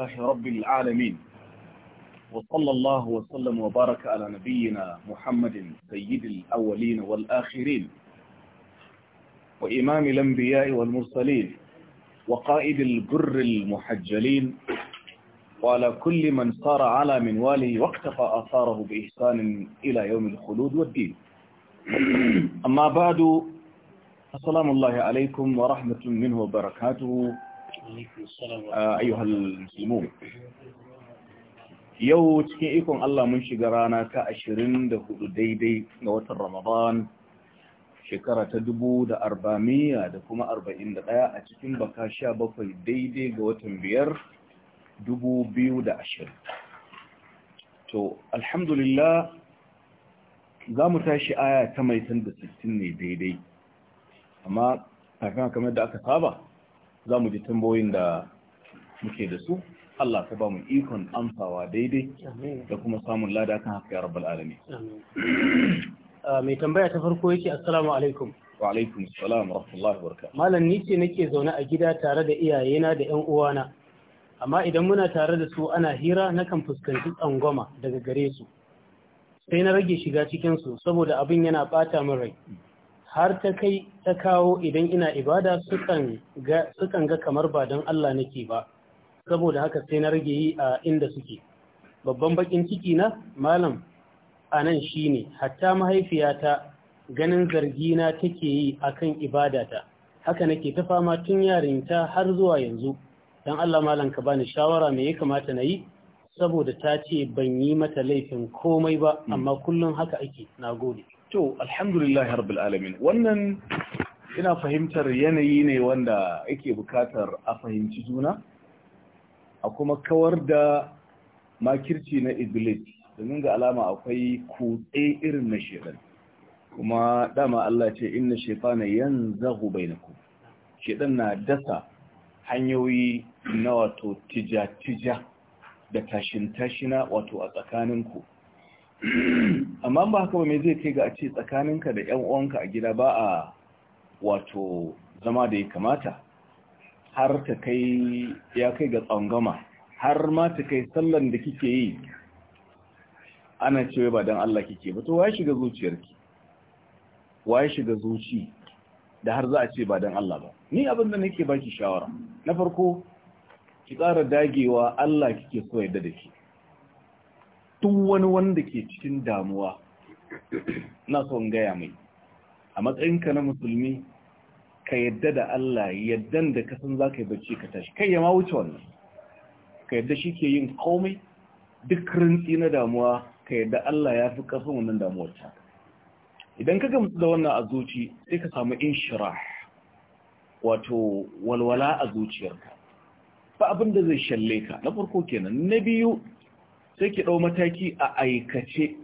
لله رب العالمين وصلى الله وسلم وبارك على نبينا محمد سيد الأولين والآخرين وإمام الأنبياء والمرسلين وقائد الجر المحجلين وعلى كل من صار على منواله واقتفى آثاره بإحسان إلى يوم الخلود والدين أما بعد السلام الله عليكم ورحمة منه وبركاته ayyuhal yau cikin ikon Allah mun shiga rana ta 24 daidai ga watan Ramadan shekara ta dubu da da kuma arba'in da ɗaya a cikin baka sha bakwai daidai ga watan biyar dubu biyu da ashirin to alhamdulillah za mu tashi aya ta mai da sittin ne daidai amma kafin kamar da aka saba za mu ji tambayoyin da muke da su Allah ta ba mu ikon amsawa daidai da kuma samun lada kan haka ya rabbal alami ah, mai tambaya ta farko yake assalamu alaikum wa alaikum assalam wa rahmatullahi wa barakatuh malam ni ce nake zaune a gida tare da iyayena da 'yan uwana amma idan muna tare da su ana hira nakan fuskanci tsangwama daga gare su sai na rage shiga cikin su saboda abin yana bata min rai har ta kai ta kawo idan ina ibada sukan ga kamar ba don Allah nake ba saboda haka sai na rage yi a inda suke babban bakin ciki na malam a nan shi ne hatta mahaifiyata ganin zargina take yi a kan ibadata haka nake ta fama tun yarinta har zuwa yanzu don Allah malam ka bani shawara mai ya kamata na yi saboda ta ce ban yi mata laifin komai ba hmm. amma kullum haka ake na gode to alhamdulillah rabbil alamin wannan ina fahimtar yanayi ne wanda yake bukatar a fahimci juna a kuma kawar da makirci na iblis domin ga alama akwai kutse irin na shedan kuma dama Allah ce inna shaytana yanzahu bainakum shedan na dasa hanyoyi na wato tija-tija da tashin-tashina wato a tsakaninku amma ba haka ba mai zai kai ga a ce tsakaninka da ‘yan uwanka a gida ba a wato zama da ya kamata har ta kai ya kai ga tsangama har ma ta kai sallan da kike yi ana cewa ba don Allah kike ba to waye shiga zuciyarki waye shiga zuci da har za a ce ba don Allah ba ni abin da nake baki shawara na farko ki tsara dagewa Allah kike so yadda da ki. duk wani wanda ke cikin damuwa na son gaya mai a matsayinka na musulmi ka yadda da Allah yaddan da ka san za ka yi bacci ka tashi kai ya ma wuce wannan ka yadda shi ke yin komai duk rantsi na damuwa ka yadda Allah ya fi ƙarfin wannan damuwar ta idan ka gamsu da wannan a zuci sai ka samu inshirah wato walwala a zuciyarka ba abin da zai shalle ka na farko kenan na biyu sai ki ɗau mataki a aikace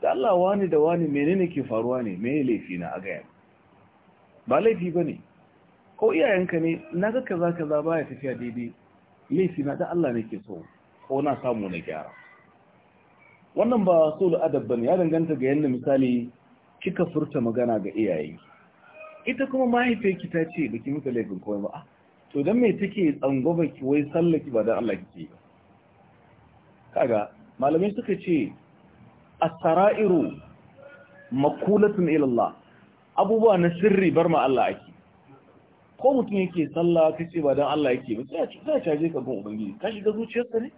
da Allah wani da wani menene ke faruwa ne me laifi na a gaya ba laifi ba ne ko iyayenka ne na ga kaza kaza baya tafiya daidai laifi na da Allah nake so ko na samu na gyara wannan ba sulu adab bane ya danganta ga yanda misali kika furta magana ga iyaye ita kuma mahaifiyarki ta ce baki muka laifin komai ba ah, to dan me take tsangoba ki wai sallaki ba dan Allah kike ba kaga malamai suka ce as makulatun ila abubuwa na sirri bar ma Allah ake ko mutum yake sallah kace ba dan Allah yake ba sai ya caje ka gun ubangiji ka shiga zuciyarsa ne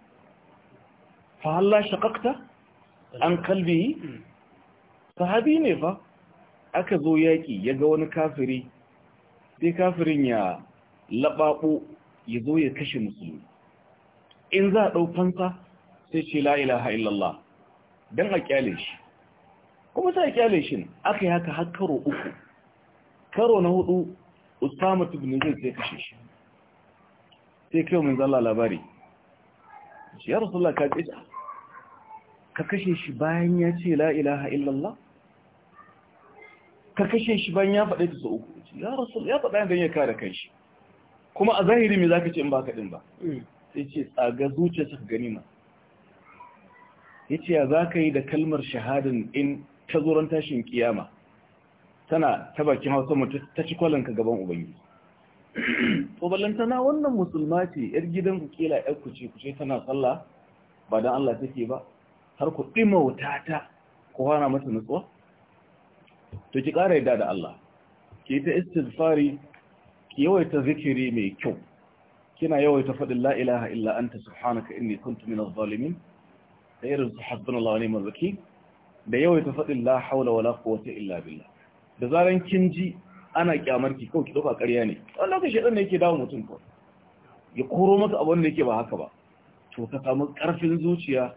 fa Allah shaqaqta an kalbi sahabi ne fa aka zo yaki ga wani kafiri sai kafirin ya laɓaɓo ya zo ya kashe musulmi in za a ɗau fansa sai ce la ilaha illallah don a kyale shi kuma sai a kyale shi aka yi haka har karo uku karo na hudu usama tubin zai sai kashe shi sai kai min zalla labari shi ya rasu ka tsita ka kashe shi bayan ya ce la ilaha illallah ka kashe shi bayan ya faɗe ta sau uku ya rasu ya faɗa don ya kare kan shi kuma a zahiri me za ka ce in ba ka ba mm. sai ce tsaga zuciya ta gani ma ya ce ya za ka yi da kalmar shahadin in ta zuron tashin kiyama tana ta bakin hausa mutu ta ci ka gaban ubangi tana wannan musulma ce yar gidan ku kila yar ku ce ku ce tana tsalla ba don Allah take ba har ku ɗima wuta ta kowana hana mata nutsuwa to ki ƙara yadda da Allah ki ta istilfari, ki yawaita zikiri mai kyau kina yawaita faɗin la'ilaha illa anta subhanaka inni kuntu minadh zalimin da irin su hasbunallahu wa ni'mal wakil da yawaita faɗin la haula wala quwwata illa billa. da zaran kin ji ana kyamar ki kawai ki dauka ƙarya ne wani lokaci shedan ne yake dawo mutum ko ya koro maka abin da yake ba haka ba to ka samu ƙarfin zuciya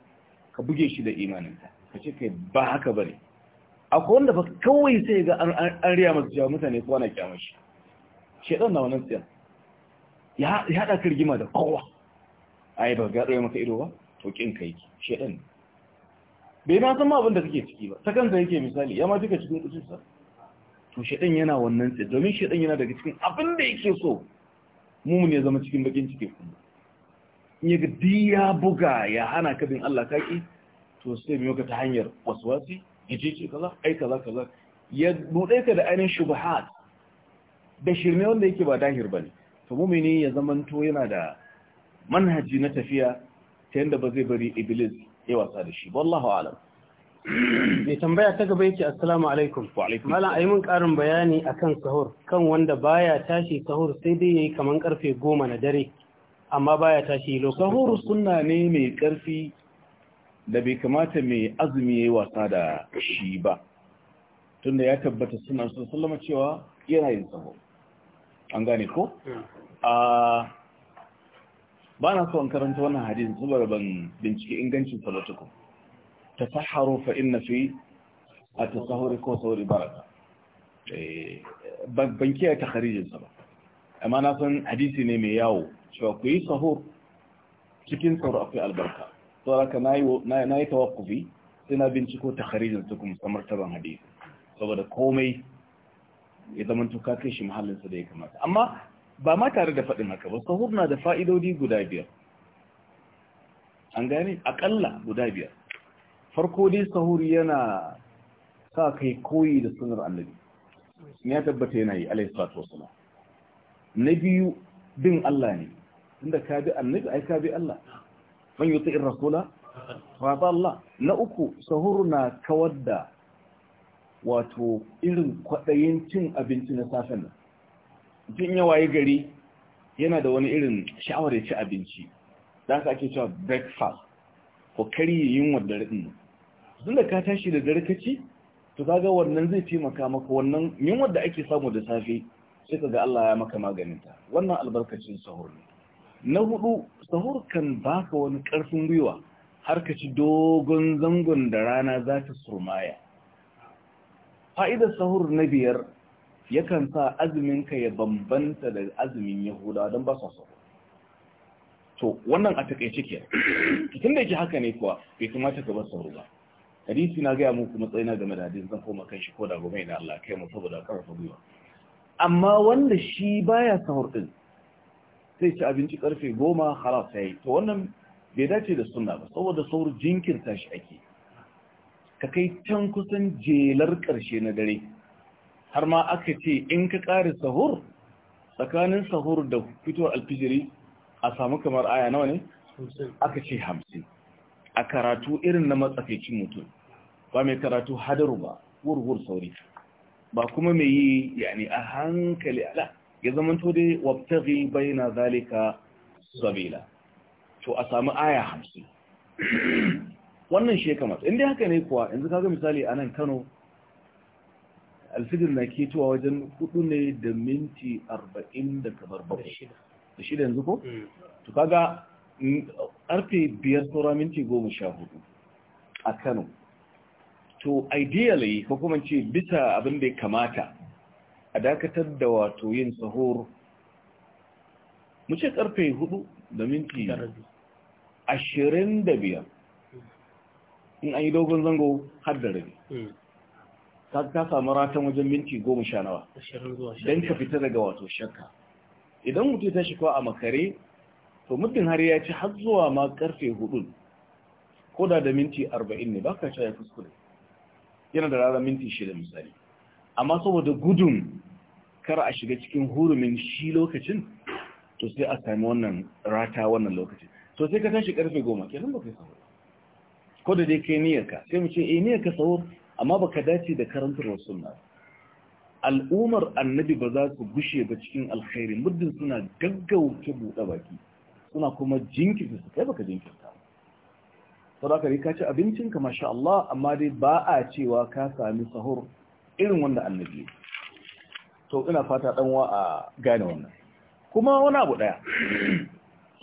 ka buge shi da imaninka ka ce kai ba haka ba ne. akwai wanda fa kawai sai ga an riya masu jawo mutane ko ana kyamar shi shedan na wannan tsaya ya hada kirgima da kowa ai ba ga ɗaya maka ido ba to kin kai din bai ma san ma abin da kake ciki ba ta kansa yake misali ya ma duka cikin sa to shi din yana wannan tsaye domin shi din yana daga cikin abin da yake so mumun ya zama cikin bakin ciki kuma in ya gadi ya buga ya hana ka bin Allah kaki to sai mu ka ta hanyar waswasi ce kaza ai kaza kaza ya bude ka da ainin shubuhat da shirme wanda yake ba dahir bane to mumini ya zamanto yana da manhaji na tafiya ta yadda ba zai bari iblis ya wasa da shi wallahu alam mai tambaya ta gaba yake assalamu alaikum malam ayi mun karin bayani akan sahur kan wanda baya tashi sahur sai dai yayi kaman karfe goma na dare amma baya tashi lokacin sahur sunna ne mai karfi da bai kamata mai azumi yayi wasa da shi ba tunda ya tabbata sunan sallama cewa yana yin sahur an gane ko hmm. a ah, ba na son karanta wannan hadisin saboda ban bincike ingancin sa ba tukun tasahharu fa inna fi at-tasahhuri ko sahuri baraka eh ban kiyaye takharijin sa ba amma na san hadisi ne mai yawo cewa ku yi sahur cikin sahur akwai albarka to haka nayi nayi tawaqqufi sai na binciko takharijin sa kuma samar ban hadisi saboda komai ya zama to ka kai shi mahallin sa da ya kamata amma ba ma tare da faɗin haka ba sahur na da fa'idodi guda biyar an gane akalla guda biyar farko dai sahur yana sa kai koyi da sunar annabi ya tabbata yana yi alayhi salatu na biyu bin Allah ne inda ka bi annabi ai ka bi Allah man yuti rasula fa Allah na uku sahur na kawar da wato irin kwaɗayin cin abinci na safen nan mutum ya waye gari yana da wani irin sha'awar ya ci abinci don ka ake cewa breakfast ko kari yin da raɗin tun da ka tashi da dare kaci to kaga wannan zai taimaka maka wannan yin da ake samu da safe sai ka ga Allah ya maka maganinta wannan albarkacin sahur ne na hudu sahur kan baka wani karfin gwiwa har ka ci dogon zangon da rana za ta surmaya fa'idar sahur na biyar yakan sa azuminka ya bambanta da azumin yahuda don ba so to wannan a takaice ke tun da yake haka ne kuwa bai kamata ka bar sauro ba hadisi na gaya muku matsayina game da hadisi zan koma kan shi ko da gobe na Allah kai mu saboda karfa gwiwa amma wanda shi baya sahur din sai ci abinci karfe goma halas ya to wannan bai dace da sunna ba saboda sauro jinkirta shi ake ka kai can kusan jelar karshe na dare har ma aka ce in ka ƙari sahur tsakanin sahur da fitowar alfijiri a samu kamar aya nawa ne aka ce hamsin a karatu irin na matsakaicin mutum ba mai karatu hadaru ba wurwur sauri ba kuma mai yi yani a hankali ala ya zama to dai bai na zalika sabila to a samu aya hamsin wannan shekamata inda haka ne kuwa yanzu kaga misali a nan Kano alfijir na ketowa wajen hudu ne da minti arba'in da kamar bakwai da shida yanzu ko? Mm. to kaga mm, arfe biyar saura minti goma sha hudu a kano to ideally ko kuma ce bisa abin da ya kamata a dakatar da wato yin sahur mu ce karfe hudu da minti ashirin da biyar mm. in an yi dogon zango har da rabi ka ka samu ratan wajen minti goma sha nawa don ka fita daga wato shakka idan mutum ta kwa a makare to muddin har ya ci har zuwa ma karfe hudun ko da da minti arba'in ne baka cewa ya kuskure yana da rara minti shida misali amma saboda gudun kar a shiga cikin hurumin shi lokacin to sai a sami wannan rata wannan lokacin to sai ka tashi karfe goma kenan ba kai sahur ko da dai kai ka? sai mu ce eh ka sahur amma baka dace da karantarwa sunna al'ummar annabi ba za su gushe ba cikin alkhairi muddin suna gaggauta buɗe baki suna kuma jinkirta su kai baka jinkirta sadaka ka ci abincinka masha Allah amma dai ba a cewa ka sami sahur irin wanda annabi to ina fata dan wa a gane wannan kuma wani abu daya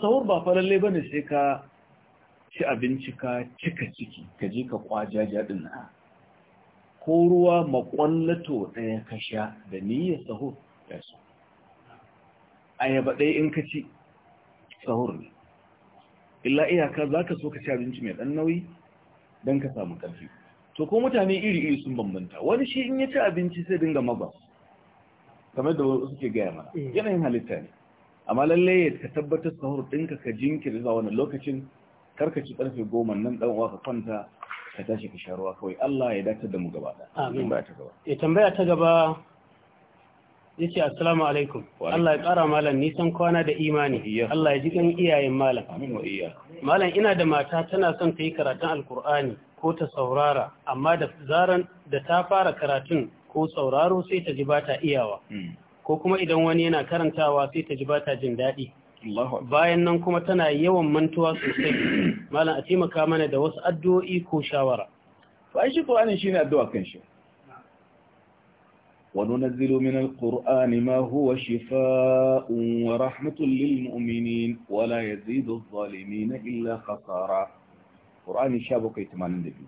sahur ba fa lalle bane sai ka ci abinci ka cika ciki ka je ka kwaja jadin na ko ruwa makwallato ɗaya ka sha da niyya sahur ya so ayaba ɗaya in ka ci sahur ne illa iyaka za ka so ka ci abinci mai ɗan nauyi don ka samu ƙarfi to ko mutane iri-iri sun bambanta wani shi in ya ci abinci sai dinga mabas kamar da suke gaya mana mm. yanayin halitta ne amma lalle ka tabbatar sahur ɗinka ka jinkiri zuwa wani lokacin karka ci ƙarfe goma nan ɗan uwa ka kwanta ka tashi ka sharuwa kawai Allah ya dace da mu gaba amin ba ta gaba ya eh, tambaya ta gaba yace assalamu alaikum Allah ya kara malam nisan kwana da imani Allah ya ji kan iyayen malam amin wa iya malam ina da mata tana son ta yi karatun alkur'ani ko ta saurara amma da zaran da ta fara karatun ko sauraro sai ta ji ba ta iyawa hmm. ko kuma idan wani yana karantawa sai ta ji ba ta jin daɗi bayan nan kuma tana yawan mantuwa sosai malam a taimaka mana da wasu addu'o'i ko shawara fa shi qur'ani shine addu'a kan shi wa nunzilu min alqur'ani ma huwa shifaa'un wa rahmatun lil mu'minin wa la yazidu adh-dhalimin illa khasara qur'ani biyu.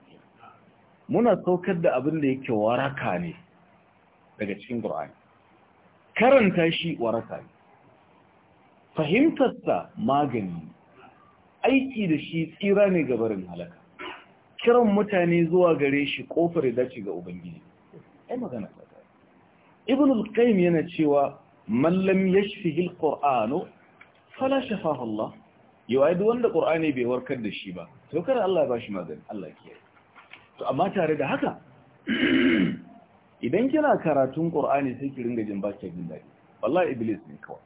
muna saukar da abin da yake waraka ne daga cikin qur'ani karanta shi waraka ne fahimtarsa magani aiki da shi tsira ne ga barin halaka kiran mutane zuwa gare shi kofar da dace ga ubangiji ai magana ta ibn al-qayyim yana cewa man lam yashfihi al-qur'anu fala shafahu Allah yau ai duk wanda qur'ani bai warkar da shi ba to kada Allah ya bashi magani Allah ya to amma tare da haka idan kina karatun qur'ani sai ki ringa jin ba ki jin dadi wallahi iblis ne kawai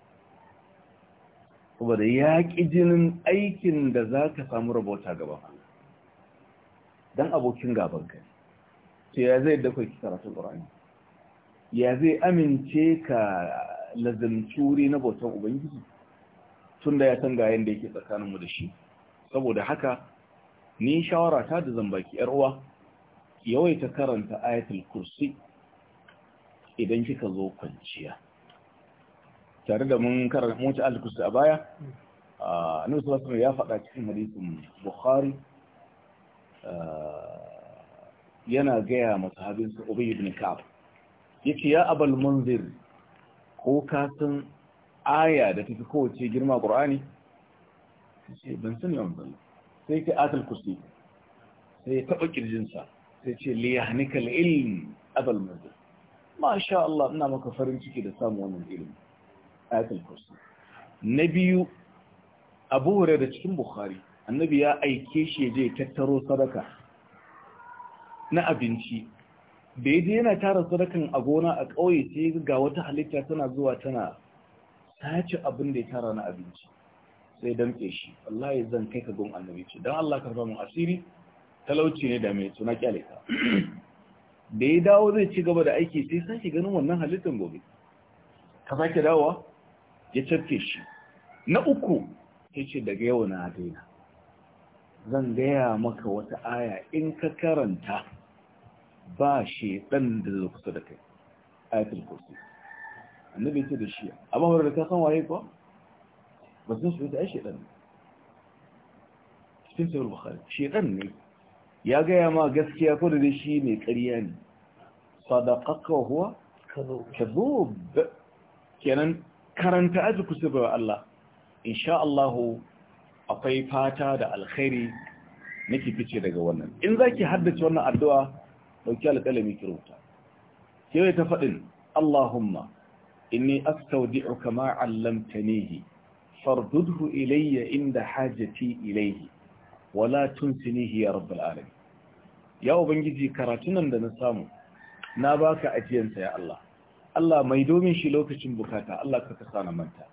saboda ya ƙi jinin aikin da za ka samu rabota gaba don abokin gaban ka ce ya zai dakwai karatun ƙorani ya zai amince ka lazimturi na bautan ubangiji tun da ya san gayen da yake tsakaninmu da shi saboda haka ni shawara ta da zan baki yar uwa yawaita karanta ayatul kursi idan kika zo kwanciya tare da mun karanta mota ci alkus a baya annabi sallallahu alaihi ya faɗa cikin hadisin bukhari yana gaya ma su ubay ibn ka'ab yace ya abal munzir ko ka san aya da tafi kowace girma qur'ani sai ban sani wannan sai ka atal kursi sai taba kirjinsa sai ce li yahnika ilm abal munzir Allah ina maka farin ciki da samun wannan ilimi ayatul kursi na biyu abu da cikin bukhari annabi ya aike shi ya je tattaro sadaka na abinci da ya je yana tara sadakan a gona a kauye sai ga wata halitta tana zuwa tana sace abin da ya tara na abinci sai damtse shi wallahi zan kai ka gon annabi ce don Allah karfa mu asiri talauci ne da mai suna kyalika bai da ya dawo zai ci gaba da aiki sai sake ganin wannan halittar gobe ka sake dawo. ya cafke shi na uku ya ce daga yau na daina zan gaya maka wata aya in ka karanta ba shi ɗan da zai kusa da kai ayatul kursi annabi ce da shi amma wadda ka san waye ko ba sun shi ta ai shedan ne cikin sayar bukhari shedan ne ya gaya ma gaskiya ko da dai shi mai ƙarya ne sadaqaka huwa kadhub kenan karanta aji su saboda Allah in sha Allah akwai fata da alkhairi nake fice daga wannan in zaki haddace wannan addu'a dauki alƙalami ki rubuta sai ta fadin Allahumma inni astaudi'uka ma 'allamtanihi fardudhu ilayya inda hajati ilayhi wala tunsinihi ya rabbal alamin ya ubangiji karatun nan da na samu na baka ajiyansa ya Allah Allah mai domin shi lokacin bukata Allah ka kasa na manta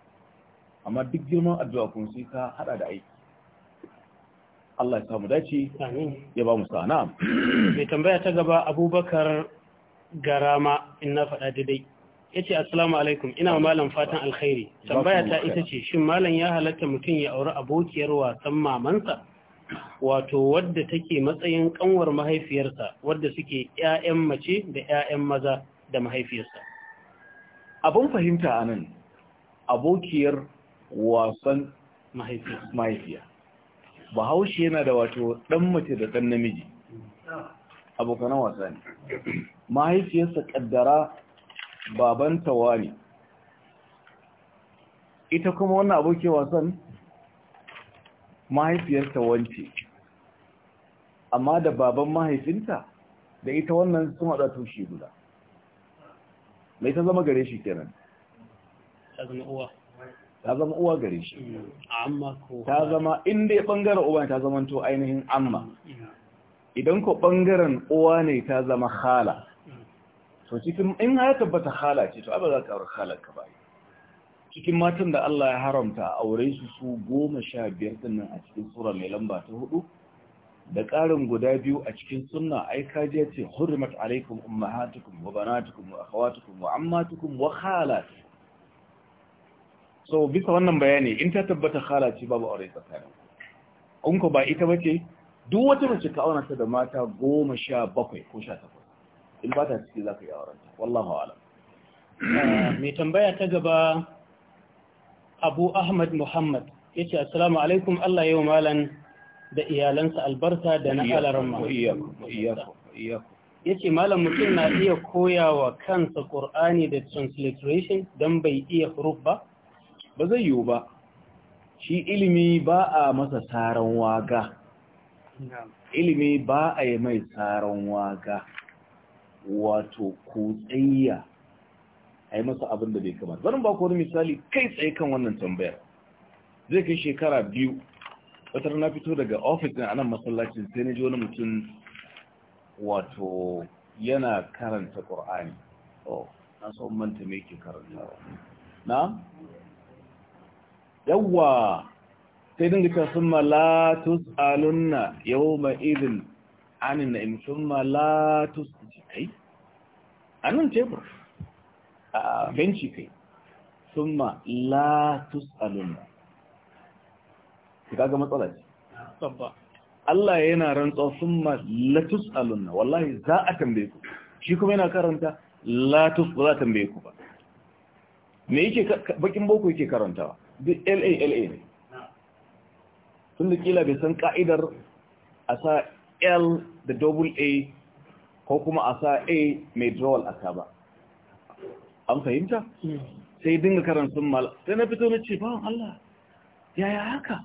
amma duk girman addu'a kun sai ka hada da aiki Allah ya samu dace ya ba mu sa'a mai tambaya ta gaba Abubakar Garama in na faɗa daidai yace assalamu alaikum ina malam fatan alkhairi tambaya ta ita ce shin malam ya halatta mutum ya auri abokiyar wasan mamansa wato wadda take matsayin kanwar mahaifiyarsa wadda suke 'ya'yan mace da 'ya'yan maza da mahaifiyarsa abin fahimta a nan abokiyar wasan mahaifiya bahaushe yana da wato ɗan mace da ɗan namiji abokanan wasa ne mahaifiyarsa ƙaddara baban wani. ita kuma wannan abokiyar wasan mahaifiyarsa wance amma da baban mahaifinta da ita wannan sun haɗa tushe guda mai ta zama gare shi kenan ta zama uwa gare shi ta zama inda ya bangaren uwa ta zama to ainihin amma idan ko bangaren uwa ne ta zama khala mm. to cikin in ya tabbata khala ce to abin za ka aure khala ka ba cikin matan da Allah ya haramta aure su su goma sha biyar dinnan a cikin tsura mai lamba ta hudu da ƙarin guda biyu a cikin sunna ai je ce hurmat alaikum ummahatukum wa banatukum wa akhawatukum wa ammatukum wa khalat so bisa wannan bayani in ta tabbata khalati babu aure tsakanin in ko ba ita bace duk wata mace ka auna ta da mata 17 ko 18 in ba ta ciki zaka yi auren ta wallahu a'lam ah, Me tambaya ta gaba Abu Ahmad Muhammad yace assalamu alaikum Allah yau malam. da iyalansa albarka da na alaramma ya ce malam mutum na iya koya wa kansa ƙur'ani da transliteration don bai iya huruf ba? ba zai yiwu ba shi ilimi ba a masa tsaron waga ilimi ba a yi mai tsaron waga wato kutsayya a yi masa abin da bai kamata zanen ba ku wani misali kai tsaye kan wannan tambayar zai kai shekara biyu wata na fito daga ofis din anan masallacin sai na ji wani mutum wato yana karanta ƙur'ani oh na san manta me yake karanta na yawwa sai dinga cewa sun ma la tus'alunna yawma idin anin na'im sun ma la tus'alunna kai anan tebur a benci kai sun ma la tus'alunna ki kaga matsala ce Allah yana rantsa summa latus alunna wallahi za a tambaye ku shi kuma yana karanta latus ba za a tambaye ku ba me yake bakin boko yake karantawa duk la la ne sun da kila bai san ka'idar a sa l da double a ko kuma a sa a mai drawal a ba an fahimta hmm. sai dinga karan sun mal sai na fito na ce bawan Allah yaya haka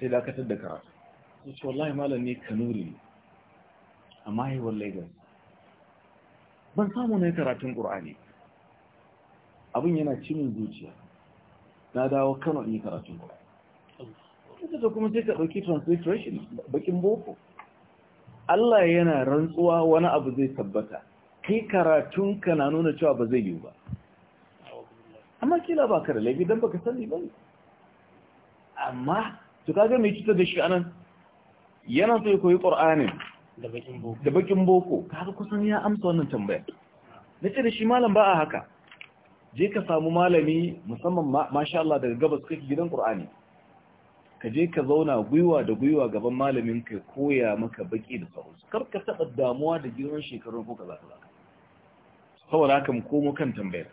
sai dakatar da karatu su ce wallahi malam ne kanuri ne a mahaifar lagos ban samu na karatun ƙur'ani abin yana cimin zuciya na dawo kano in yi karatun ƙur'ani ita da kuma sai ka ɗauki translation bakin boko Allah yana rantsuwa wani abu zai tabbata kai karatun ka na nuna cewa ba zai yi ba amma kila ba ka da laifi don baka sani ba amma ka kaga mai cuta da shi anan yana so ya koyi qur'anin da bakin boko kaga kusan ya amsa wannan tambaya nace da shi malam ba a haka je ka samu malami musamman masha Allah daga gabas kake gidan qur'ani ka je ka zauna gwiwa da gwiwa gaban malamin ka koya maka baki da sauransu kar ka taba damuwa da girman shekarun ko kaza kaza saboda haka mu komo kan tambayar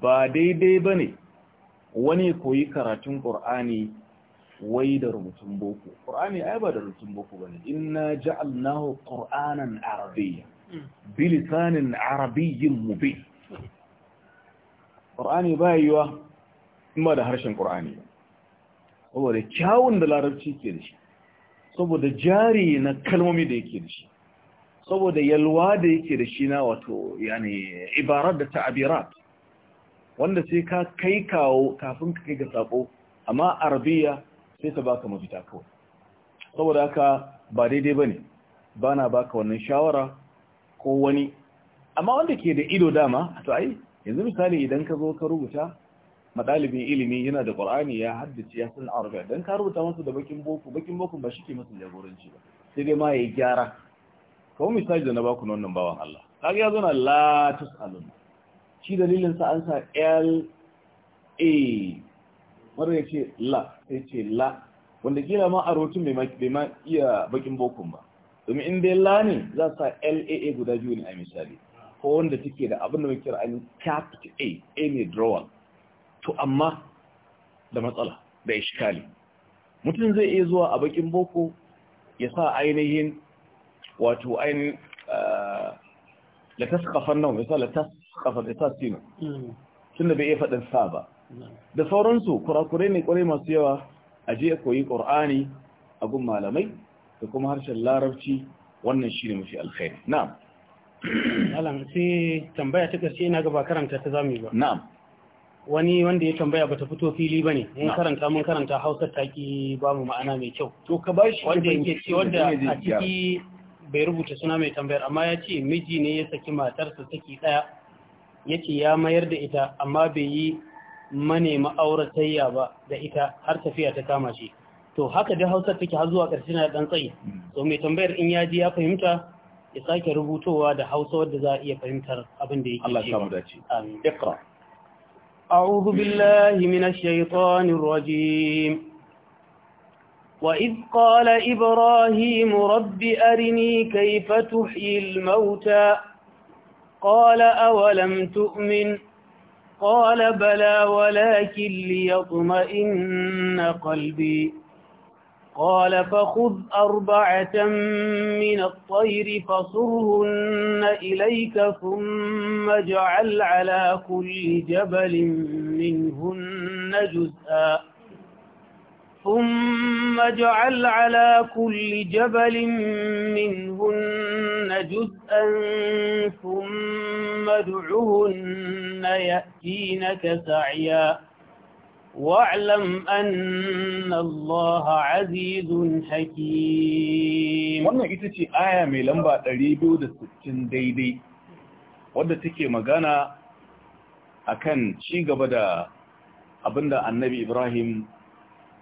ba daidai bane wani koyi karatun ƙur'ani. wai da rubutun boko qur'ani ai ba da rubutun boko bane inna ji qur'anan arabiyya hmm. bi lisanin arabiyyin mubin qur'ani ba yiwa in ba da harshen qur'ani saboda kyawun da larabci ke da shi saboda jari na kalmomi da yake da shi saboda yalwa da yake da shi na wato yani ibarat da ta'abirat wanda sai ka kai kawo kafin ka kai ga sako amma arabiya sai ka baka mafita kawai saboda haka ba daidai bane ba na baka wannan shawara ko wani amma wanda ke da ido dama to ai yanzu misali idan ka zo ka rubuta madalibin ilimi yana da qur'ani ya haddace ya san arabiya dan ka rubuta masa da bakin boko bakin boku ba shike masa jagoranci ba sai dai ma yayi gyara kawo misali da na baku wannan bawan Allah kaga ya na la tusalun shi dalilin sa an sa l a Wannan ya ce la ya ce la wanda gina ma a rotun bai ma iya bakin bokun ba domin in dai la ne za sa laa guda biyu a misali ko wanda take da abin da kira ainihin capital a a ne drawal to amma da matsala da ishkali mutum zai iya zuwa a bakin boko ya sa ainihin wato ainihin eh, la kafan nan ya sa la kafan ya sa sino hmm. tun da bai iya faɗin sa ba da sauransu kurakurai ne kwarai masu yawa a je a koyi ƙor'ani a gun malamai da kuma harshen larabci wannan shi ne mafi alkhairi na'am alam sai tambaya ta ƙarshe ina gaba karanta ta zamu ba na'am wani wanda ya tambaya bata fito fili bane mun karanta mun karanta Hausa taki babu ma'ana mai kyau to ka bashi wanda yake ce wanda a ciki bai rubuta suna mai tambayar amma ya ce miji ne ya saki matarsa saki daya yace ya mayar da ita amma bai yi manema ma'auratayya ba da ita har tafiya ta kama shi to haka da hausar take har zuwa ƙarshe na ɗan tsayi hmm. to mai tambayar in ya ji ya fahimta ya sake rubutowa da hausa wadda za a iya fahimtar abin da yake Allah ya samu dace amin iqra a'udhu billahi minash shaitanir rajim وإذ قال إبراهيم رب أرني كيف تحيي الموتى قال أولم تؤمن قال بلى ولكن ليطمئن قلبي قال فخذ أربعة من الطير فصرهن إليك ثم اجعل على كل جبل منهن جزءا ثم اجعل على كل جبل منهن جزءا ثم ادعهن يأتينك سعيا واعلم أن الله عزيز حكيم wannan ita ce aya mai lamba 260 daidai wadda take magana akan ci gaba da abinda annabi Ibrahim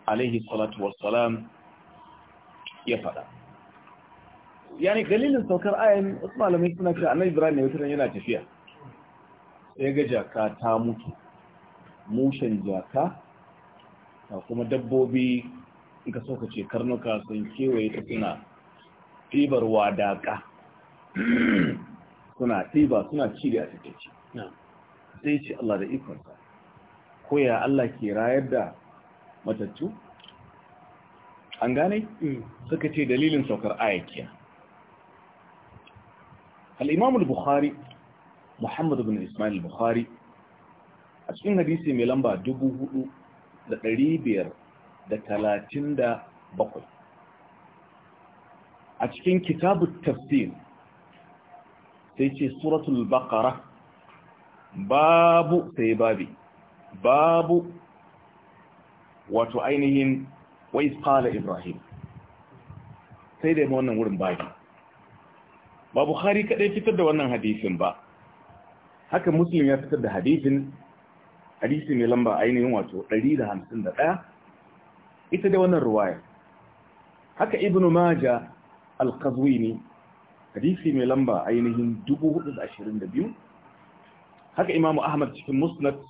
alaihi salatu wassalam ya faɗa yani dalilin saukar ayan wasu malamai suna cewa annabi ibrahim ne wata yana tafiya sai ga jaka ta mutu mushen jaka ta kuma dabbobi in ka so ka ce karnuka sun kewaye ta suna ɗibar wadaka suna tiba suna cire a takaici sai ce Allah da ikonsa ko ya Allah ke rayar da matattu an gane mm. suka ce dalilin saukar ayakiya الإمام البخاري محمد بن إسماعيل البخاري أشكين حديثي ملنبا دبوه لقريبير da talatin da bakwai a cikin kitabun tafsir sai ce suratul baqara babu sai babi babu wato ainihin wais qala ibrahim sai da wannan wurin babi ba bukhari kadai fitar da wannan hadisin ba haka muslim ya fitar da hadisin hadisi mai lamba ainihin wato 151 ita da wannan ruwaya haka ibnu maja al-qazwini hadisi mai lamba ainihin 422 haka imamu ahmad cikin musnad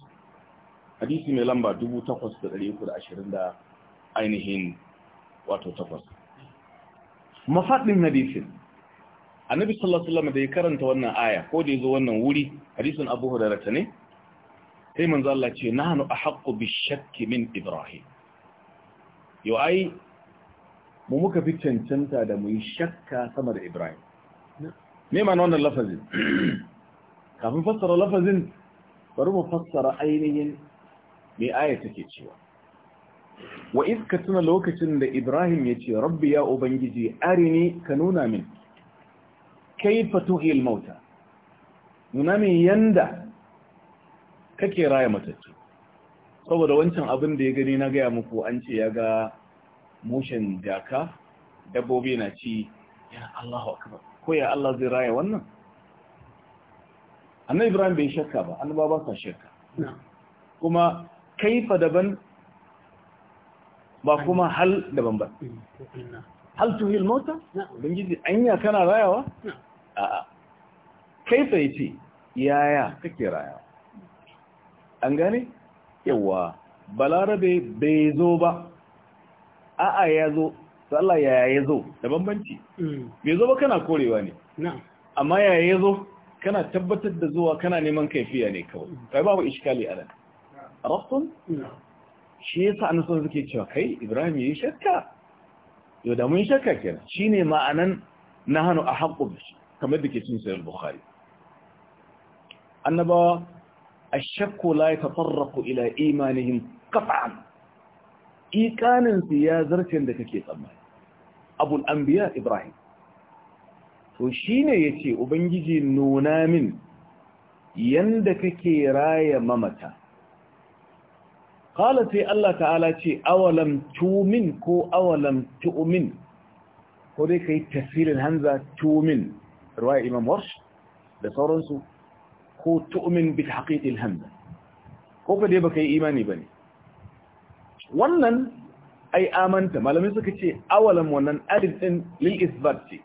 hadisi mai lamba 8,320 ainihin wato takwas mafaɗin hadisin annabi sallallahu alaihi wasallam da ya karanta wannan aya ko da yazo wannan wuri hadisin Abu Hurairah ne sai manzo Allah ce nahnu ahqqu bishakki min Ibrahim yo ai mu muka fi cancanta da mu yi shakka sama da Ibrahim me ma wannan lafazin kafin fassara lafazin bari mu fassara ainihin me aya take cewa wa iz ka tuna lokacin da Ibrahim ya ce rabbi ya ubangiji arini ka nuna min kaifa tuhil mauta nuna min yanda kake raya matattu saboda wancan abin da ya gani na gaya muku an ce ya ga mushin jaka dabbobi na ci ya Allahu akbar ko ya Allah zai raya wannan annabi Ibrahim bai shakka ba annaba ba sa shakka kuma kaifa daban ba kuma hal daban ba hal tuhil mota? Bangiji anya kana rayawa? a'a kai sai ce yaya kake raya an gane yawa balarabe bai zo ba a'a ya zo sallah yaya ya zo da bambanci mm. bai zo ba kana korewa ne amma yaya ya zo kana tabbatar da zuwa kana neman kaifiya ne kawai mm. kai babu iskali a nan rafton shi yasa annabawa suke cewa kai Ibrahim yi shakka yau da mun shakka kenan shine ma'anan na nahnu ahqqu bihi kamar da ke cin sayar bukhari annabawa ashakku la yatafarraqu ila imanihim qat'an ikanin su ya zarcen da kake tsammani abul anbiya ibrahim to shine yace ubangiji nuna min yanda kake raya mamata qala sai Allah ta'ala ce awalam tu'min ko awalam tu'min ko dai kai tafsirin hanza tu'min ruwaya imam warsh da sauransu ko tu'umin bi tahqiqil hamza ko ka dai baka yi imani ba ne wannan ai amanta malamai suka ce awalan wannan alif ɗin lil isbat ce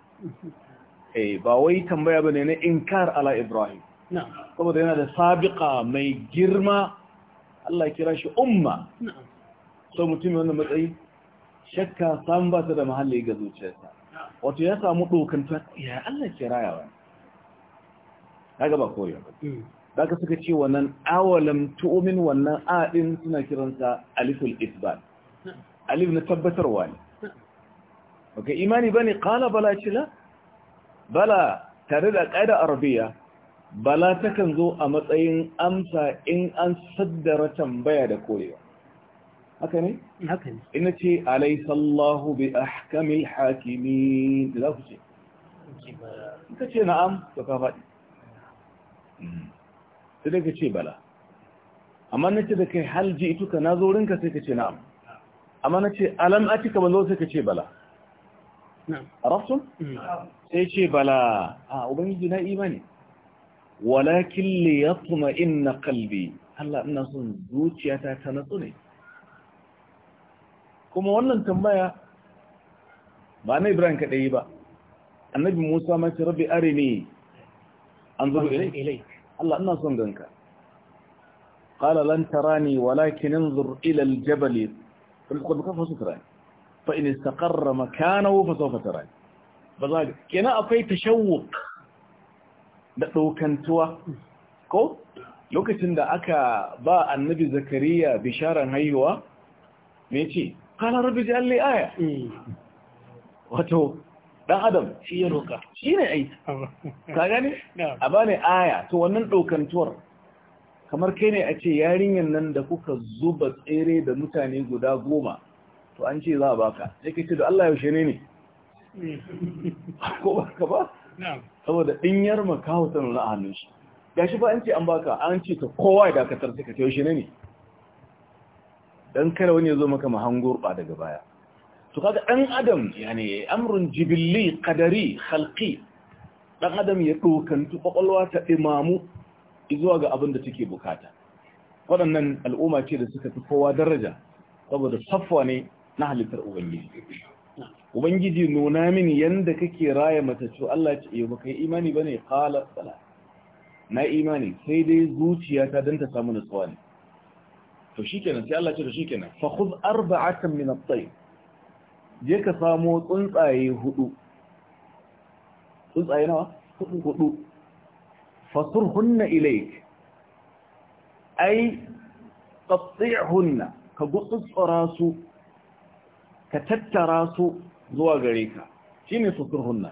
eh ba wai tambaya ba bane na inkar ala ibrahim saboda yana da sabiƙa mai girma Allah kira shi umma so mutum wannan matsayi shakka san ba ta da mahalli ga zuciyarsa wato ya samu ta, ya Allah ke rayawa kaga ba koyo ba mm. ka suka ce wannan awalam tu'min wannan a suna kiransa aliful isbat mm. alif na tabbatarwa ne baka mm. imani bane qala bala chila bala tare da qaida arabiya bala takan zo a matsayin amsa in an saddara tambaya da koyo haka ne? haka ne ina ce alaisallahu bi ahkamil hakimi da za ku ce ka ce na'am to ka faɗi sai dai ka ce bala amma na ce da kai halji ituka na zo rinka sai ka ce na'am amma na ce alam atika ban zo sai ka ce bala arabtun? Mm. sai ce bala a ubangiji na imani walakin liyatuma yatma inna kalbi Allah ina son zuciyata ta natsu ne kuma wannan tambaya ba na ibrahim kaɗai ba annabi musa mace ce rabbi ne. an zuru ilai Allah ina son ganka qala lan tarani walakin anzur ila aljabal qad kafa sutrani fa in istaqarra makanahu fa sawfa tarani bazaka kenan akwai tashawwuq da daukantuwa ko lokacin da aka ba annabi zakariya bisharan haihuwa me ce kala rabbi ji alli aya wato dan adam shi ya roka shi ne ai ka gani a bane aya to wannan dokantuwar kamar kai ne a ce yarinyan nan da kuka zuba tsere da mutane guda goma to an ce za a baka sai kai ce da Allah yaushe ne ne ko baka ba saboda dinyar makawo ta nuna hannun shi gashi ba an ce an baka an ce ka kowa ya dakatar sai ka ce yaushe ne ne dan kada wani ya zo maka mahangurba daga baya to kaga ɗan adam yani amrun jibilli qadari halki, dan adam ya dokantu kwakwalwa ta imamu zuwa ga abin da take bukata waɗannan al'umma ce da suka fi kowa daraja saboda saffa ne na halittar ubangiji ubangiji nuna mini yanda kake raya matacu Allah ce eh baka imani ne, kala sala na imani sai dai zuciyata dan ta samu nutsuwa ne to shikenan sai Allah ce to shikenan fa khudh arba'atan min at-tayr je ka samo tsuntsaye hudu tsuntsaye nawa hudu hudu fasurhunna ilayk ay qatti'hunna ka gutsutsura rasu, ka tattara su zuwa gare ka shine fasurhunna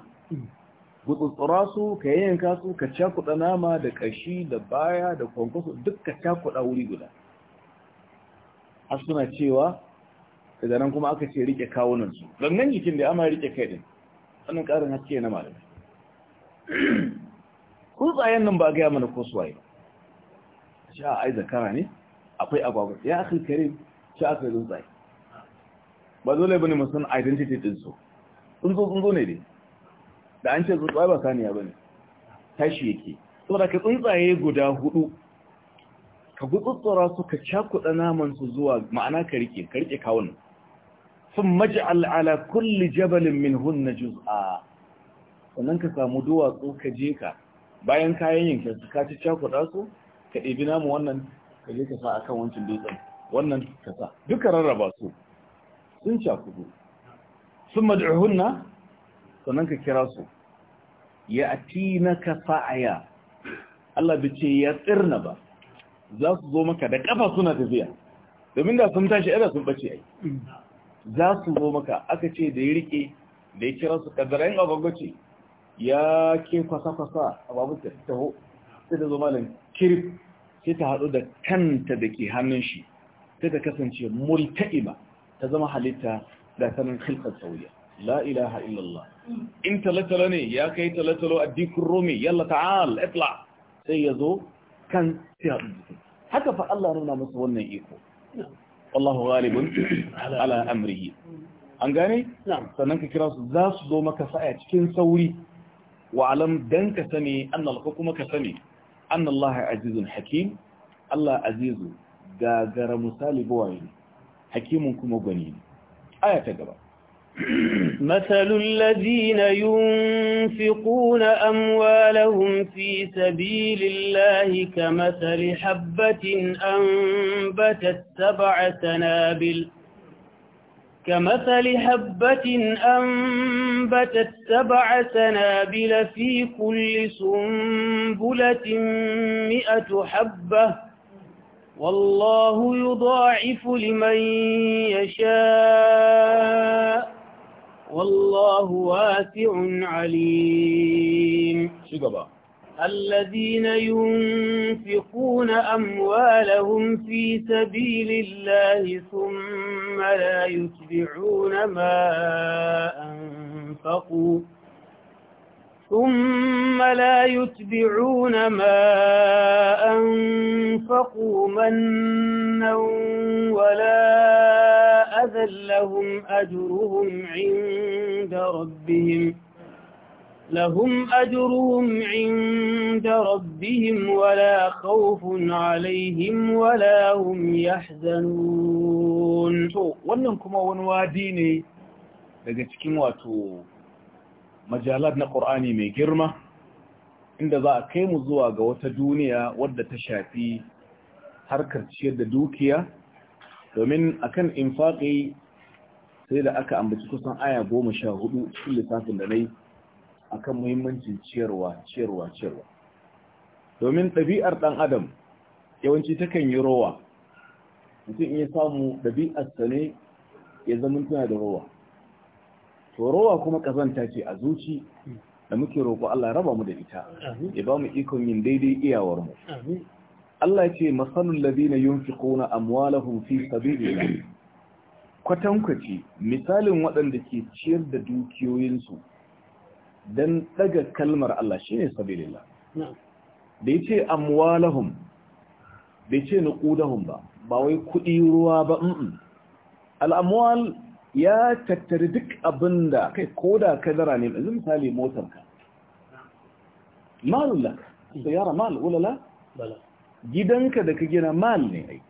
gutsutsura rasu, ka yanka su ka cakuɗa nama da kashi, da baya da kwankwaso duk ka cakuɗa wuri guda har suna cewa da nan kuma aka ce rike kawunansu gangan jikin da ama rike kai din wannan karin haske na malamai tsuntsayen nan ba gaya mana ko suwaye sha ai zakara ne akwai agwagwa ya akai karim sha akai tsuntsaye ba dole bane mu san identity din su tsunzo tsuntsu ne dai da an ce tsuntsaye ba saniya bane tashi yake saboda ka tsuntsaye guda hudu ka gutsutsura su ka cakuɗa naman su zuwa ma'ana ka riƙe ka rike kawun sun maj'al ala kulli jabalin min hunna juz'a sannan ka samu duwatsu ka je ka bayan kayan yin su ka ci cakuɗa su ka ɗebi namu wannan ka je ka sa akan wancan dutsen wannan ka sa duka rarraba su sun cakudu sun mad'uhunna sannan ka kira su ya atinaka fa'aya Allah bai ce ya tsirna ba za su zo maka da kafa suna tafiya domin da sun tashi ɗaya sun ɓace ai za su zo maka aka ce da ya rike da ya kira su kaddara yin ya ke kwasa-kwasa a babu ta taho sai da zo malam kirif sai ta haɗu da kanta da ke hannun shi sai ta kasance muri ta zama halitta da sanin khilkar sauya la ilaha illallah in talatalo ne ya kai talatalo a dikin romi yalla ta'al itla sai ya zo kan sai haɗu jikin haka fa Allah nuna musu wannan iko wallahu ghalibun ala amrihi an gane sannan ka kira su za su zo maka sa'a cikin sauri wa alam dan ka sani annal kuma ka sani annallaha azizun hakim Allah azizu gagara misali bawaye hakimun kuma gwani aya ta gaba مثل الذين ينفقون أموالهم في سبيل الله كمثل حبة أنبتت سبع سنابل كمثل حبة أنبتت سبع سنابل في كل سنبلة مئة حبة والله يضاعف لمن يشاء والله واسع عليم شكرا الذين ينفقون أموالهم في سبيل الله ثم لا يتبعون ما أنفقوا ثم لا يتبعون ما أنفقوا منا ولا هذا لهم أجرهم عند ربهم لهم أجرهم عند ربهم ولا خوف عليهم ولا هم يحزنون kuma wani wadi ne daga cikin wato majalat na Qur'ani mai girma inda za a kai mu zuwa ga wata duniya wadda ta shafi harkar ciyar da dukiya domin akan infaƙi sai da aka ambaci kusan aya goma sha hudu cikin lissafin da na yi a kan muhimmancin ciyarwa ciyarwa ciyarwa domin ɗabi'ar ɗan adam yawanci takan yi rowa mutum iya samu ɗabi'arsa ne ya zama tana da rowa to rowa kuma ƙazanta ce a zuci da muke roƙo Allah raba mu da ita ya ba mu ikon yin daidai iyawarmu Allah ce masalul ladina yunfiquna amwalahum fi sabilillah kwatankwaci misalin waɗanda ke ciyar da dukiyoyinsu don ɗaga kalmar Allah shine sabilillah da yace amwalahum bai ce na nuqudahum ba ba wai kuɗi ruwa ba al'amwal ya tattari duk abinda kai koda zara ne yanzu misali motarka malul lak hmm. yara mal wala gidanka da ka gina mal ne ai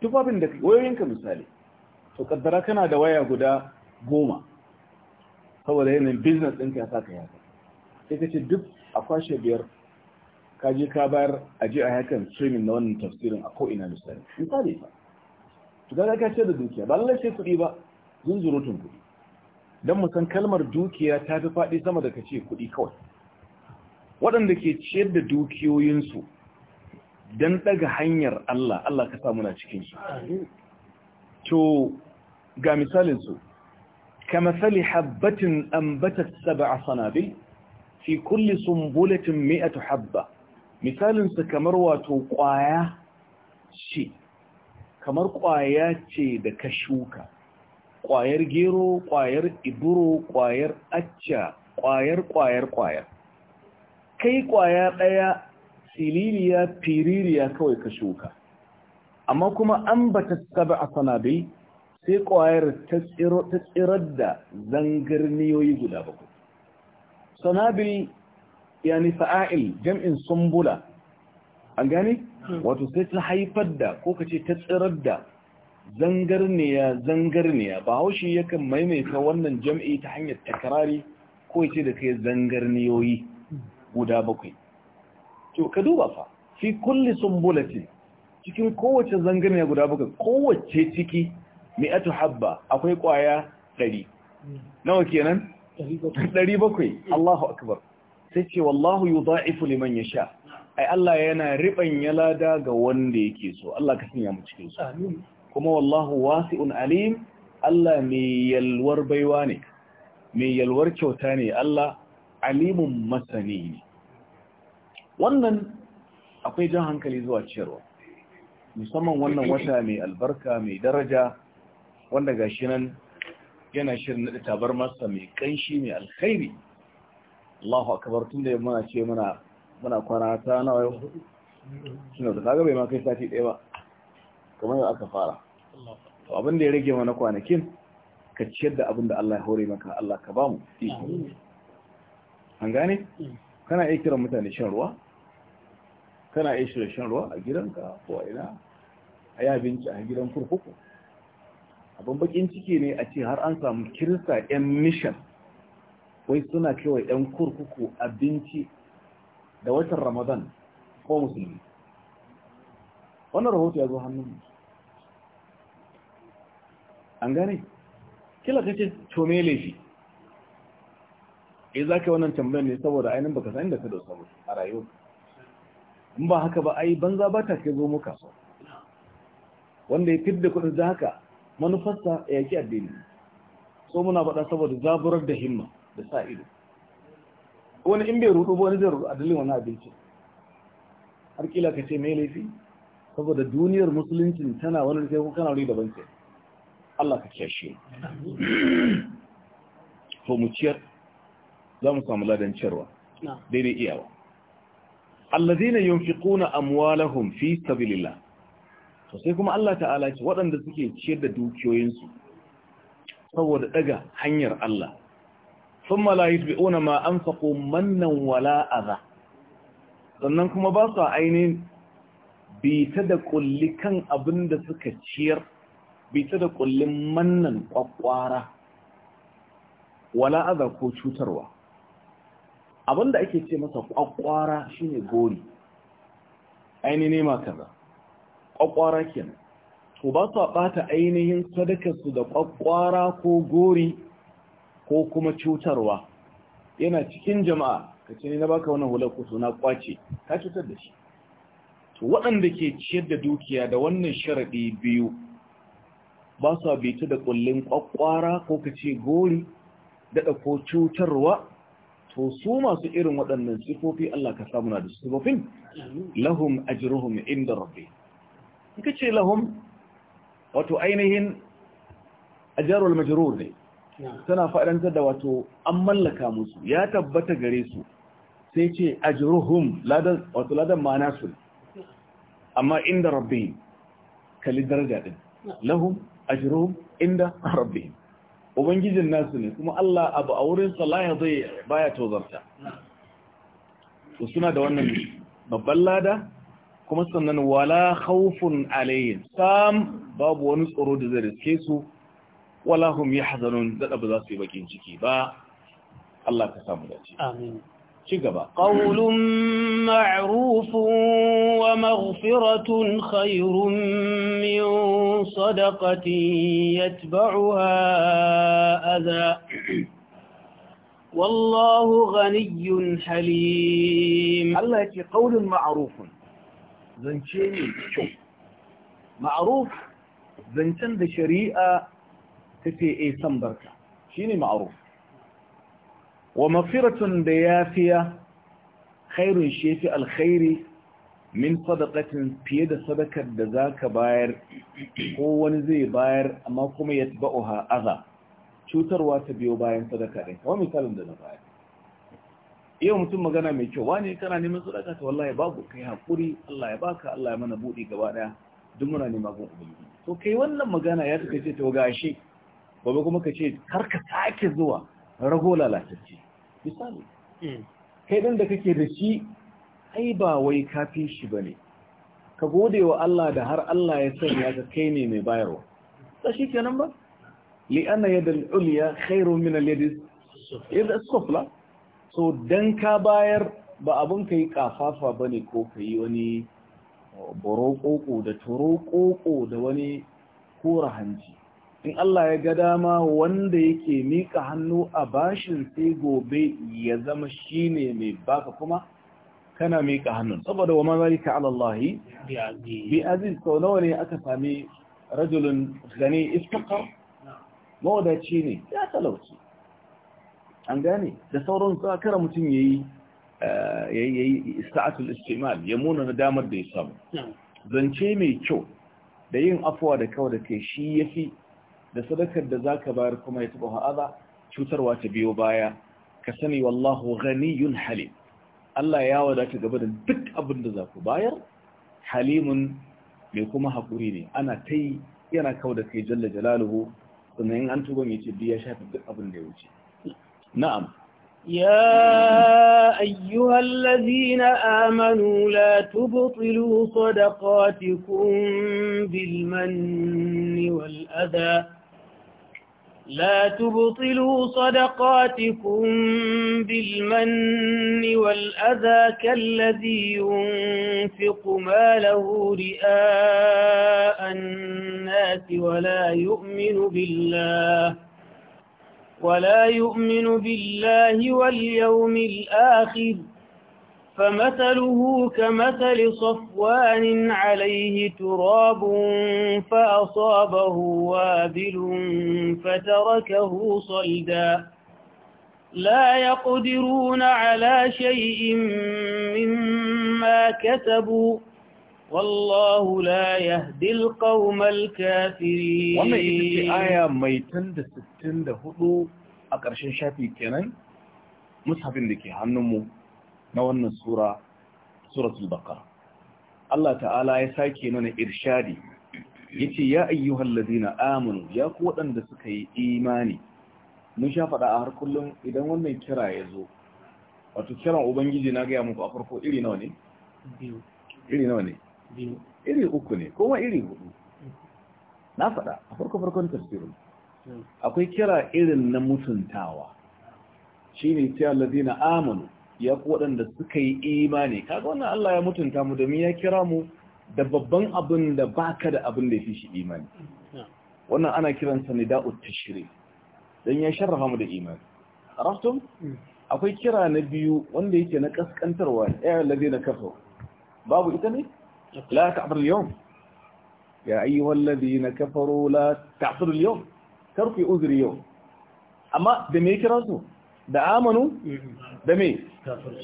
tufafin da wayoyinka misali to kaddara kana da waya guda goma saboda yanayin business ɗinka ya saka yaka sai ka ce duk a kwashe biyar ka je ka bayar a je a hakan streaming na wannan tafsirin a ko'ina misali misali ba to ga ka ce da dukiya ba lallai sai kuɗi ba zunzurutun kuɗi don mu san kalmar dukiya ta fi faɗi sama da ka ce kuɗi kawai waɗanda ke ciyar da dukiyoyinsu dan daga hanyar Allah Allah ka samu na cikin shi to ga misalin su kama sali habbatin ambatat sab'a sanabil fi kulli sumbulatin mi'atu habba misalin su kamar wato kwaya ce kamar kwaya ce da ka shuka kwayar gero kwayar iburo kwayar acca kwayar kwayar kwayar kai kwaya ɗaya sililiya fiririya kawai ka shuka amma kuma an ba ta saba a sanabi sai kwayar ta tsirar da zangarniyoyi guda bakwai sanabi ya a'il jam'in sumbula an gani hmm. wato sai ta haifar da ko ka ce ta tsirar da zangarniya zangarniya ba haushi yakan maimaita wannan jam'i ta hanyar takarari ko ce da kai zangarniyoyi guda bakwai to ka duba fa fi kulli sumbulati cikin kowace zanganiya guda baka kowace ciki mi'atu habba akwai kwaya 100 nawa kenan 700 Allahu akbar sai ce wallahu yudha'ifu liman yasha ai Allah yana riban yalada ga wanda yake so Allah ka sanya mu cikin su amin kuma wallahu wasi'un alim Allah mai yalwar baiwa ne mai yalwar kyauta ne Allah alimun masani ne wannan akwai jan hankali zuwa ciyarwa musamman wannan wata mai albarka mai daraja wanda ga shi nan yana shirin nadi tabar masa mai kanshi mai alkhairi Allahu akabar tun da ya muna ce muna kwana ta nawa yau shi da kaga bai ma kai sati ɗaya ba kamar yau aka fara abin da ya rage mana kwanakin ka ciyar da abin da Allah ya hore maka Allah ka ba mu an gane kana iya kiran mutane shan ruwa kana iya shirya shan ruwa a gidanka ko a ina a yi abinci a gidan kurkuku abin bakin ciki ne a ce har an samu kirista 'yan mishan wai suna kewa 'yan kurkuku abinci da watan ramadan ko musulmi wannan rahoto ya zo hannun an gane kila kace to laifi eh za ka yi wannan tambayar ne saboda ainihin baka san da ka dosa ba a rayuwa in ba haka ba ai banza ba ta kai zo muka. wanda ya fidda kuɗin da haka manufarsa ya yaki addini so muna faɗa saboda zaburar da himma da sa ido wani in bai rudu ba wani zai rudu a dalilin wani abinci har kila ka ce mai laifi saboda duniyar musulunci tana wani sai ko kana wani daban sai Allah ka kiyashe mu ciyar za mu samu ladan ciyarwa daidai iyawa allazina yunfiquna amwalahum fi sabilillah to sai kuma Allah ta'ala ce waɗanda suke ciyar da dukiyoyinsu saboda daga hanyar Allah thumma la yutbi'una ma anfaqu mannan wala adha sannan kuma ba su ainihin bita da kulli kan abin da suka ciyar bita da kullin mannan kwakwara wala adha ko cutarwa Abin da ake ce masa kwakwara shine gori aini ma kaza kwakwara kenan to ba su bata ainihin sadakarsu da kwakwara ko gori ko kuma cutarwa yana cikin jama'a ka ce ne na baka wannan hular kusa na kwace ka cutar da shi to waɗanda ke ciyar da dukiya da wannan sharaɗi biyu ba su abitu da ƙullin kwakwara ko ka ce gori daɗa ko cutarwa to su masu irin waɗannan sifofi Allah ka samu na da sifofin lahum ajruhum inda rabbi kika ce lahum wato ainihin ajarul majrur ne tana faɗantar da wato an mallaka musu ya tabbata gare su sai ce ajruhum ladan wato ladan ma'ana su amma inda rabbi kalli daraja din lahum ajruhum inda rabbihim ubangijin nasu ne kuma Allah abu a wurin salaya zai baya tozarta to suna da wannan babban lada kuma sannan wala khawfun alayhim sam babu wani tsoro da zai riske su wala hum yahzanun da ba za su yi bakin ciki ba Allah ka samu dace amin شكبا قول معروف ومغفرة خير من صدقة يتبعها أذى والله غني حليم الله يتي قول معروف زنشيني شو معروف زنشن ده شريئة تتي اي بركة شيني معروف wa mafiratun da ya fiya khairun shefi alkhairi min sadaqatin fiye da sadakar da za ka bayar ko wani zai bayar amma kuma ya ba'uha aza cutarwa ta biyo bayan sadaka din misalin da na bayar yau mutum magana mai kyau wani kana neman sadaka ta wallahi babu kai hakuri Allah ya baka Allah ya mana buɗi gaba ɗaya, duk muna nema gun ubangiji to kai wannan magana ya take ce to gashi gobe kuma ka ce kar ka sake zuwa rago lalatacce misali hmm. kai ɗin da kake da shi ai ba wai kafin shi ba ne ka gode wa Allah da har Allah ya sanya ka kai ne mai bayarwa ta shi kenan ba li'ana yadda ulya khairu min al-yadis as sufla so dan ka bayar ba abin ka yi kafafa ba ko ka yi wani koko da Toro koko da wani kora hanci in Allah ya ga dama wanda yake mika hannu a bashin sai gobe ya zama shine mai baka kuma kana mika hannun saboda wa mazalika ka alallahi bi aziz sau nawa ne aka sami rajulun gani istaqar mawadaci ne ya talauci an gane da sauran a kara mutum yayi eh, yi sa'atul istimal ya muna na damar da ya samu zance mai kyau da yin afuwa da kawai da kai shi ya fi. da sadakar da za ka bayar kuma ya taɓa ha'aza cutarwa ta biyo baya ka sani wallahu ghaniyun halim Allah ya wadata gaba da duk abin da za ku bayar halimun mai kuma haƙuri ne ana ta yi yana kawo da kai jalla jalaluhu sannan in an tuba mai ce biya shafi duk abin da ya wuce na'am يا أيها الذين آمنوا لا تبطلوا صدقاتكم بالمن والأذى لا تبطلوا صدقاتكم بالمن والأذى كالذي ينفق ماله رئاء الناس ولا يؤمن بالله ولا يؤمن بالله واليوم الآخر فمثله كمثل صفوان عليه تراب فأصابه وابل فتركه صلدا لا يقدرون على شيء مما كتبوا والله لا يهدي القوم الكافرين وما يتبقى آية aya mai tanda ده a ƙarshen شافي kenan mushafin da ke na wannan sura suratul baqara Allah ta'ala ya sake mana irshadi yace ya ayyuhal ladina amanu ya ku waɗanda suka yi imani mun sha faɗa a har kullum idan wannan kira ya zo wato kiran ubangiji na gaya muku a farko iri nawa ne iri nawa ne iri uku ne kuma iri hudu na faɗa a farko farkon tafsirin akwai kira irin na mutuntawa shine ta ladina amanu ya fi waɗanda suka yi imani kaga wannan Allah ya mutunta mu domin ya kira mu da babban abin da baka da abin da fi shi imani wannan ana kiransa Da'ud tashri dan ya sharrafa mu da imani araftum akwai kira na biyu wanda yake na kaskantarwa ya ladina kafaru babu ita ne la ta'bur al-yawm ya ayyuhal ladina kafaru la ta'bur al-yawm tarfi uzri yawm amma da me kira su da amanu mm-hmm. da me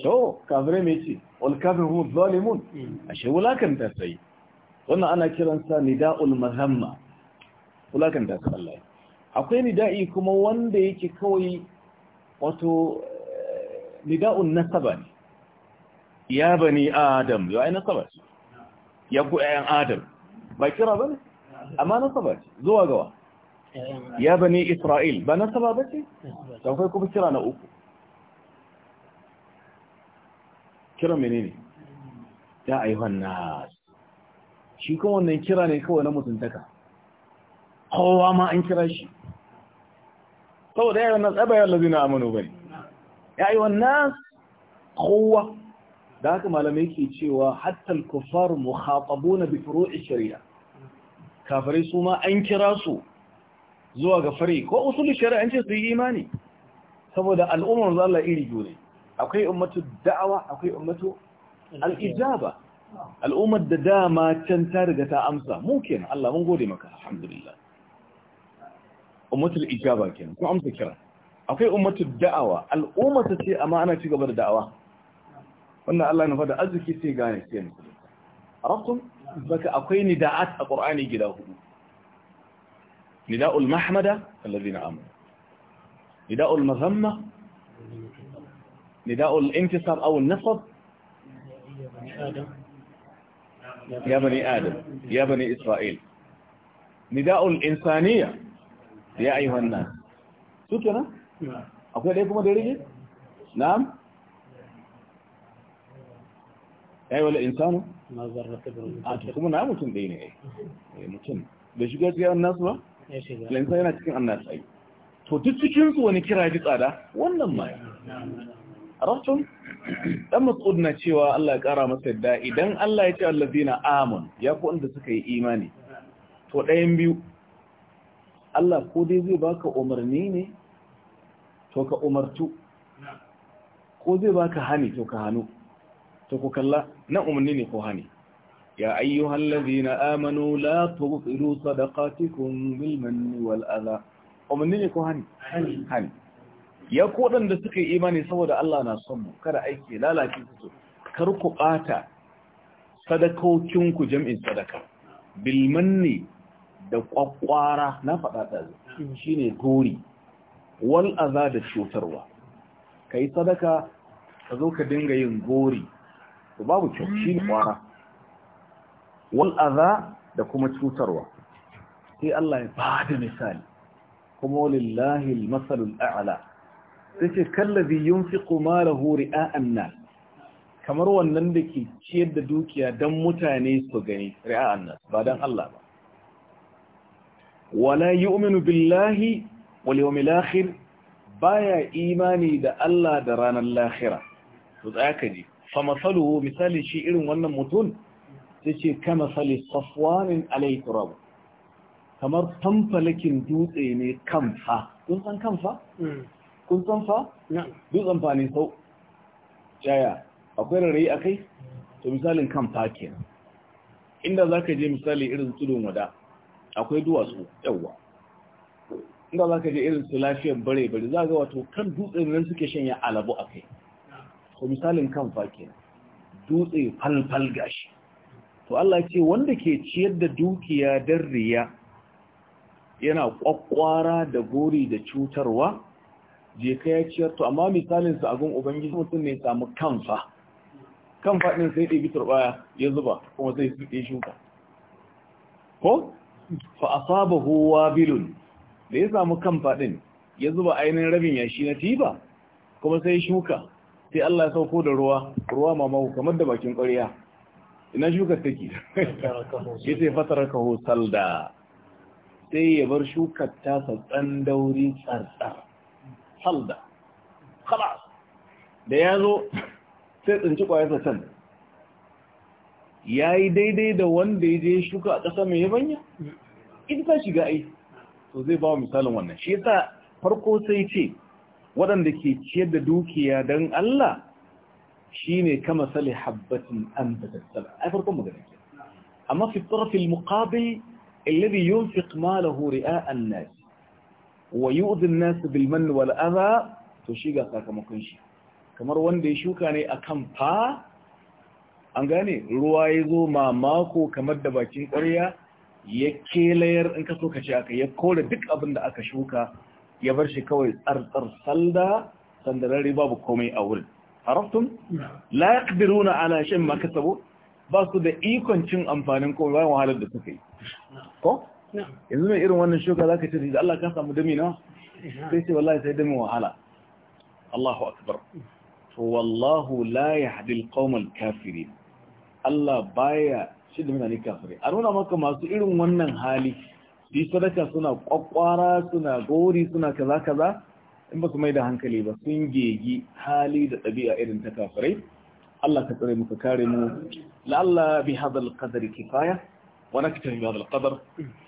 to kafirai mai ce walkafirun zalimun hmm. a shi wulakanta sai wannan ana kiransa nida'ul mahamma wulakanta sai Allah akwai nida'i kuma wanda yake kawai wato eh, nida'un nasaba ne ya bani adam ya ai nasaba ce ya ku ayan adam ba kira ba ne amma nasaba ce zuwa gawa ya bani isra'il ba nasaba ba ce? akwai kuma kira na uku Kira menene ya ayyuhan nas shi kuma wannan kira ne kawai na mutuntaka kowa ma an kira shi saboda yayin nan tsaba yawan na amanu bane ya ayyuhan wannan kowa da haka malamai ke cewa hatta al mu mukhatabuna bi bifuro shari'a kafirai su ma an kira su zuwa ga fari ko usulul shari'a an ce su yi imani saboda al'ummar Allah iri jure akwai ummatu da'awa akwai ummatu al'ijaba al'ummar da dama can ta riga ta amsa mu kenan Allah mun gode maka alhamdulillah ummatul ijaba kenan kun amsa kira akwai ummatu da'awa al'umma ta ce amma ana cigaba da da'awa wannan Allah na fada arziki sai gane sai ne arabtum baka akwai nida'at a qur'ani gida hudu nida'ul mahmada alladhina amanu nida'ul mazamma نداء الانتصار أو النصب يا بني آدم يا بني إسرائيل نداء الإنسانية يا أيها الناس سكنا أقول لكم دريجي نعم أيوة الإنسان ما آه، نعم متن ديني إيه، أي متن da shiga cikin annasu ba? Lansa yana cikin annasu ai. To duk cikin su wani kira ji tsada arabtum dan mas'ud cewa Allah ya kara masa da idan Allah ya ce allazina amun ya ku inda suka yi imani to ɗayan biyu Allah ko dai zai baka umarni ne to ka umartu ko zai baka hani to ka hanu to ku kalla na umarni ne ko hani Ya amanu la الذين sadaqatikum bil manni wal بالمن umarni ne ko hani? Hani. ya ku da suka yi imani saboda Allah na son mu kada aiki lalace su kar ku ɓata sadakokinku jami'in sadaka bilmanni da ƙwaƙwara na fada ta shi gori wal aza da cutarwa ka sadaka ka zo ka dinga yin gori to babu kyau shi kwara wal aza da kuma cutarwa sai Allah ya bada misali kuma walillahi masalul a'la sai ce kallazi yunfiqu malahu ri'a'an nas kamar wannan da ke ciyar da dukiya don mutane su gani ri'a'an nas ba don Allah ba wala yu'minu billahi wal yawmil Ba baya imani da Allah da ranar lahira to tsaya ka ji fa masaluhu misali shi irin wannan mutum sai ce kama sali safwanin alayhi turab kamar tamfalakin dutse ne kamfa kun san kamfa hmm. kun san fa Na, duk amfani sau Jaya, akwai rarrayi a kai to misalin kan fakin inda za ka je misali irin tudun wada akwai duwatsu yawwa inda za ka je irin su lafiyar bare bare za ga wato kan dutsen nan suke shanya alabu a kai to misalin kan fakin dutse falfal gashi to Allah ce wanda ke ciyar da dukiya don riya yana kwakwara da gori da cutarwa je ka ya ciyar to amma misalin sa agun ubangiji mutum ne samu kanfa kanfa din sai ɗebi turbaya ya zuba kuma sai su ɗe shuka ko fa asabahu wabilun da ya samu kanfa din ya zuba ainihin rabin shi na tiba kuma sai shuka sai Allah ya sauko da ruwa ruwa mamahu kamar da bakin ƙwarya ina shuka take ya ce ka kaho salda sai ya bar shukar ta tsatsan dauri tsantsar halda khalas da ya zo sai tsinci ƙwayarsa can yayi yi daidai da wanda ya je shuka a ƙasa mai yabanya in ka shiga ai to zai ba misalin wannan shi yasa farko sai ce waɗanda ke ciyar da dukiya dan Allah shine kama sali habbatin an batattala ai farkon magana ke amma fi tarfil muqabil alladhi yunfiq malahu ri'a an-nas wa yi nas bil mann wal adha to shi ga sakamakon shi kamar wanda ya shuka ne akan fa an gane ruwa ya zo mamako kamar da bakin ƙwarya ya kelayar in ka so ka ce aka ya kore duk abin da aka shuka ya bar shi kawai tsartsar salda sandararri babu komai a wurin haraftun la yaqdiruna ala shan ma kasabu ba su da ikon cin amfanin komai bayan wahalar da suka yi ko yanzu mai irin wannan shuka za ka ce da Allah ka samu dami nawa sai ce wallahi sai dami wahala Allahu akbar to wallahu la yahdi alqawmal kafirin Allah baya shi da mutane kafire a nuna maka masu irin wannan hali su sadaka suna kwakwara suna gori suna kaza kaza in ba su mai da hankali ba sun gegi hali da ɗabi'a irin ta kafirai Allah ka tsare muka kare mu la'alla bi hadal qadari kifaya ونكتفي بهذا القدر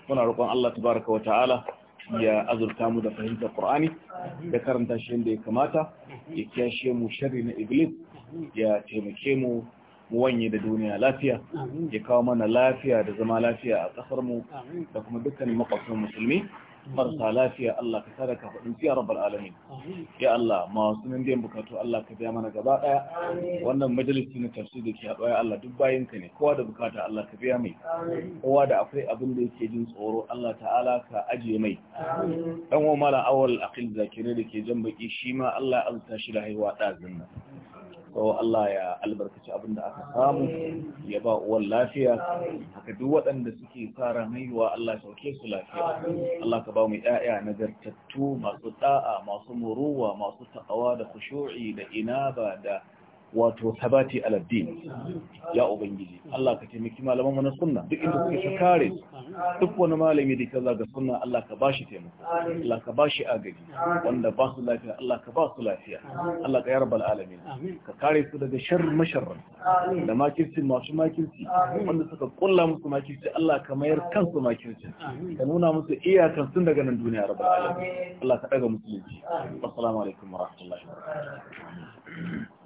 ونرجو الله تبارك وتعالى ya azurta mu da fahimtar Qur'ani ya karanta shi yadda ya kamata ya kiyashe mu sharri na iblis ya taimake mu mu da duniya lafiya ya kawo mana lafiya da zama lafiya a kasar mu da kuma dukkanin makwabtan musulmi marasa lafiya Allah ka sada ka faɗin fiya rabbal alamin ya Allah masu nan bukatu Allah ka biya mana gaba daya wannan majalisi na tafsi da ke haɗuwa ya Allah duk bayan ka ne kowa da bukata Allah ka biya mai kowa da akwai abin da yake jin tsoro Allah ta'ala ka ajiye mai dan wa mala awal aqil zakire da ke jan baki shi ma Allah ya azurta shi da haihuwa ɗazin nan ko Allah ya albarkaci abin da aka samu ya ba uwan lafiya haka duk waɗanda suke fara haihuwa Allah ya sauke su lafiya Allah ka ba mu na nagartattu masu da'a masu muruwa masu ta'awa da kushu'i da inaba da wato sabati aladdin ya ubangiji Allah ka taimaki malaman wannan na sunna duk inda suke su kare duk wani malami da kaza ga sunna Allah ka bashi taimako Allah ka bashi agaji wanda ba su lafiya Allah ka ba su lafiya Allah ka ya rabbal alamin ka kare su daga shar masharran da makirci masu makirci wanda suka kulla musu makirci Allah ka mayar kansu makirci ka nuna musu iyakan sun daga nan duniya rabbal alamin Allah ka daga musulunci assalamu alaikum wa rahmatullahi wa barakatuh